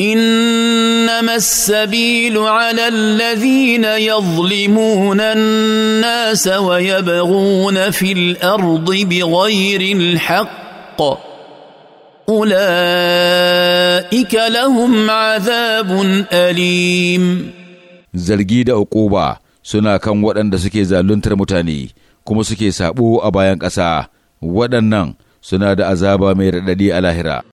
انما السبيل على الذين يظلمون الناس ويبغون في الارض بغير الحق اولئك لهم عذاب اليم zargi da uquba suna kan waɗanda suke zaluntar mutane kuma suke saɓo a bayan ƙasa waɗannan suna da azaba mai raɗaɗi a lahira